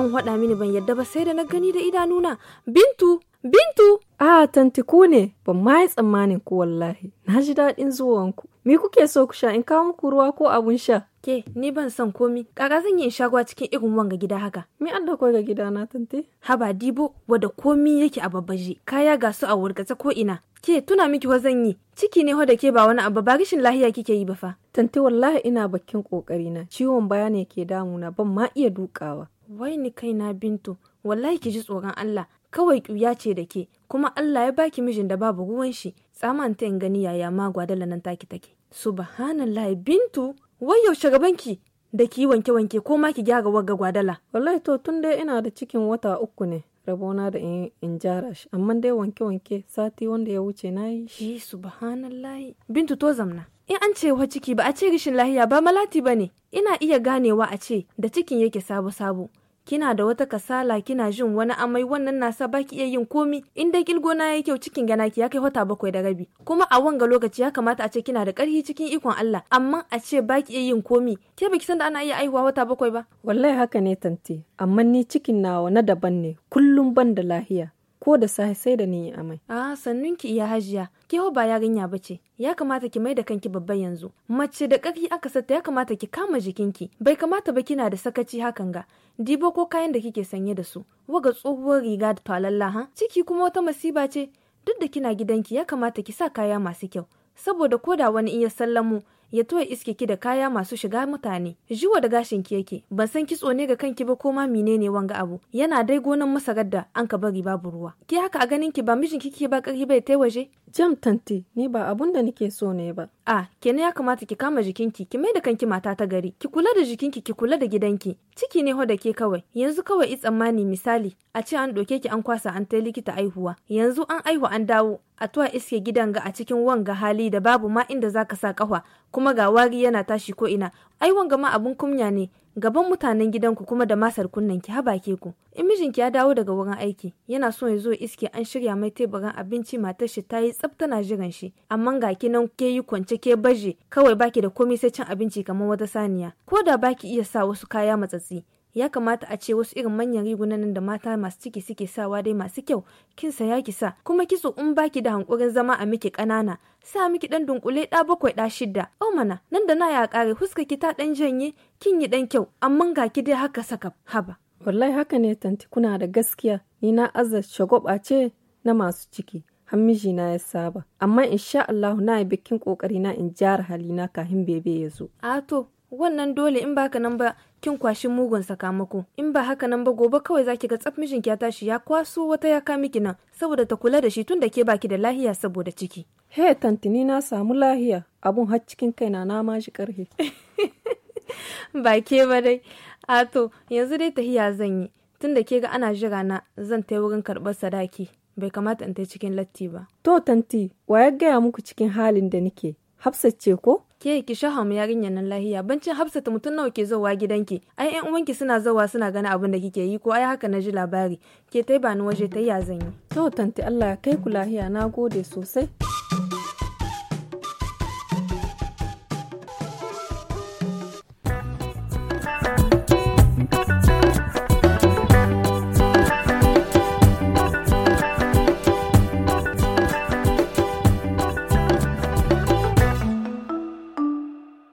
an haɗa mini ban yadda ba sai da na gani da idanuna bintu bintu A tanti ku ne, ban ma yi tsammanin ku wallahi, na ji daɗin zuwanku. Me kuke so ku sha in kawo muku ruwa ko abun sha? Ke, ni ban san komi, kaka zan yi in shagwa cikin irin wanga gida haka. Me Allah ko ga gida na tante? Haba dibo, wada komi yake a babbaje, kaya ga su a wurgatsa ko ina. Ke, tuna miki wa zan yi, ciki ne da ke ba wani abu ba rashin lahiya kike yi ba fa. Tante wallahi ina bakin kokari na ciwon baya ne ke damuna ban ma iya dukawa. Wai ni na, bintu, wallahi ki ji tsoron Allah kawai ƙuya ce da ke kuma Allah ya baki mijin da babu ruwan shi tsaman ta gani yaya ma gwadala nan taki take subhanallah bintu wai yaushe ki da ki wanke wanke ko ma ki gyara wagga gwadala wallahi to tun dai ina da cikin wata uku ne rabona da in, in jara shi amma dai wanke wanke sati wanda ya wuce na yi shi eh, subhanallah bintu to zamna in an ce wa ciki ba a ce rashin lahiya ba malati ba ne ina iya ganewa a ce da cikin yake sabo sabo kina da wata kasala kina jin wani amai wannan nasa sa baki iya yin komi in dai kilgona yayi kyau cikin gana ki ya kai wata bakwai da rabi kuma a wanga lokaci ya kamata a ce kina da karhi cikin ikon Allah amma a ce baki iya yin komi ke baki san da ana iya aihuwa wata bakwai ba wallahi haka ne tante amma ni cikin nawa na daban ne kullum ban da lahiya ko da safe sai da ni yi amai. A sannun ki iya hajiya, ke ba yarinya ba ce, ya kamata ki mai da kanki babban yanzu. Mace da ƙarfi aka sata ya kamata ki kama jikinki, bai kamata ba kina da sakaci hakan ga. Dibo ko kayan da kike sanye da su, waga tsohuwar riga da falalla ha, ciki kuma wata masiba ce, duk da kina gidanki ya kamata ki sa kaya masu kyau. Saboda koda wani iya sallamu ya toya iske ki da kaya masu shiga mutane jiwa da gashin ki yake ban san kitso ne ga kanki ba ko ma menene wanga abu yana dai gonan masarar da an ka bari babu ruwa ki haka a ganin ki ba mijin kike ba kari bai tai waje Jam tanti, ni ba abun da nake so ne ba. A, kenan ya kamata ki kama jikinki, ki mai da kanki mata ta gari, ki kula da jikinki, ki kula da gidanki. Ciki ne ho da ke kawai, yanzu kawai i tsammani misali, a ce an ɗauke ki an kwasa an tai likita aihuwa, yanzu an aihu an dawo, a tuwa iske gidan ga a cikin wanga hali da babu ma inda zaka sa kafa, kuma ga wari yana tashi ko ina, ai wanga ma abun kunya ne gaban mutanen gidanku kuma da masar kunnen ki haba ke ku in mijinki ya dawo daga wurin aiki yana so ya zo iske an shirya mai teburin abinci matar shi ta yi tsafta na jiran shi amma ga ki nan ke yi kwance ke baje kawai baki da komai sai cin abinci kamar wata saniya ko da baki iya sa wasu kaya matsatsi ya kamata a ce wasu irin manyan rigunan da mata masu ciki suke sawa dai masu kyau kin saya ki sa kuma kitso in baki da hankurin zama a miki kanana sa miki ɗan dunkule ɗa bakwai ɗa shidda o mana nan da na ya kare huska ki ta ɗan janye kin yi ɗan kyau amma ga ki dai haka saka haba wallahi haka ne tanti kuna da gaskiya ni na azza ce na masu ciki har mijina ya saba amma insha Allah na yi bikin kokari na in jara halina kahin bebe ya zo a to wannan dole in baka nan ba kin kwashi mugun sakamako in ba haka nan ba gobe kawai zaki ga tsaf mijinki ya tashi ya kwaso wata ya ka miki nan saboda ta kula da shi tunda ke baki da lahiya saboda ciki he tantini na samu lahiya abun har cikin kai na ma shi karhe ba ke ba dai ato yanzu dai tahiya zan yi tunda ke ga ana jira na zan yi wurin karɓar sadaki bai kamata in ta cikin latti ba to tanti wa ya gaya muku cikin halin da nike Hafsat ce ko? Ke ki shaha mu yarinyar nan lahiya bancin Hafsat mutum nawa ke zowa gidanki ai ƴan uwanki suna zowa suna gani abin da kike yi ko ai haka na ji labari ke tai ba ni waje ta ya zan yi. To tanti Allah ya kai ku lahiya na gode sosai.